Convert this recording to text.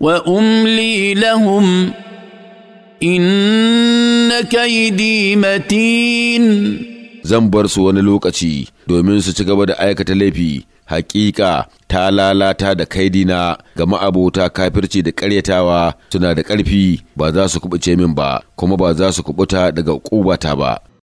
واملي لهم ان كيدي متين zan bar su wani lokaci domin su ci gaba da aikata laifi hakika ta lalata da kaidina ga ma'abota kafirci da karyatawa suna da ƙarfi ba za su kubuce min ba kuma ba za su kubuta daga ƙubata ba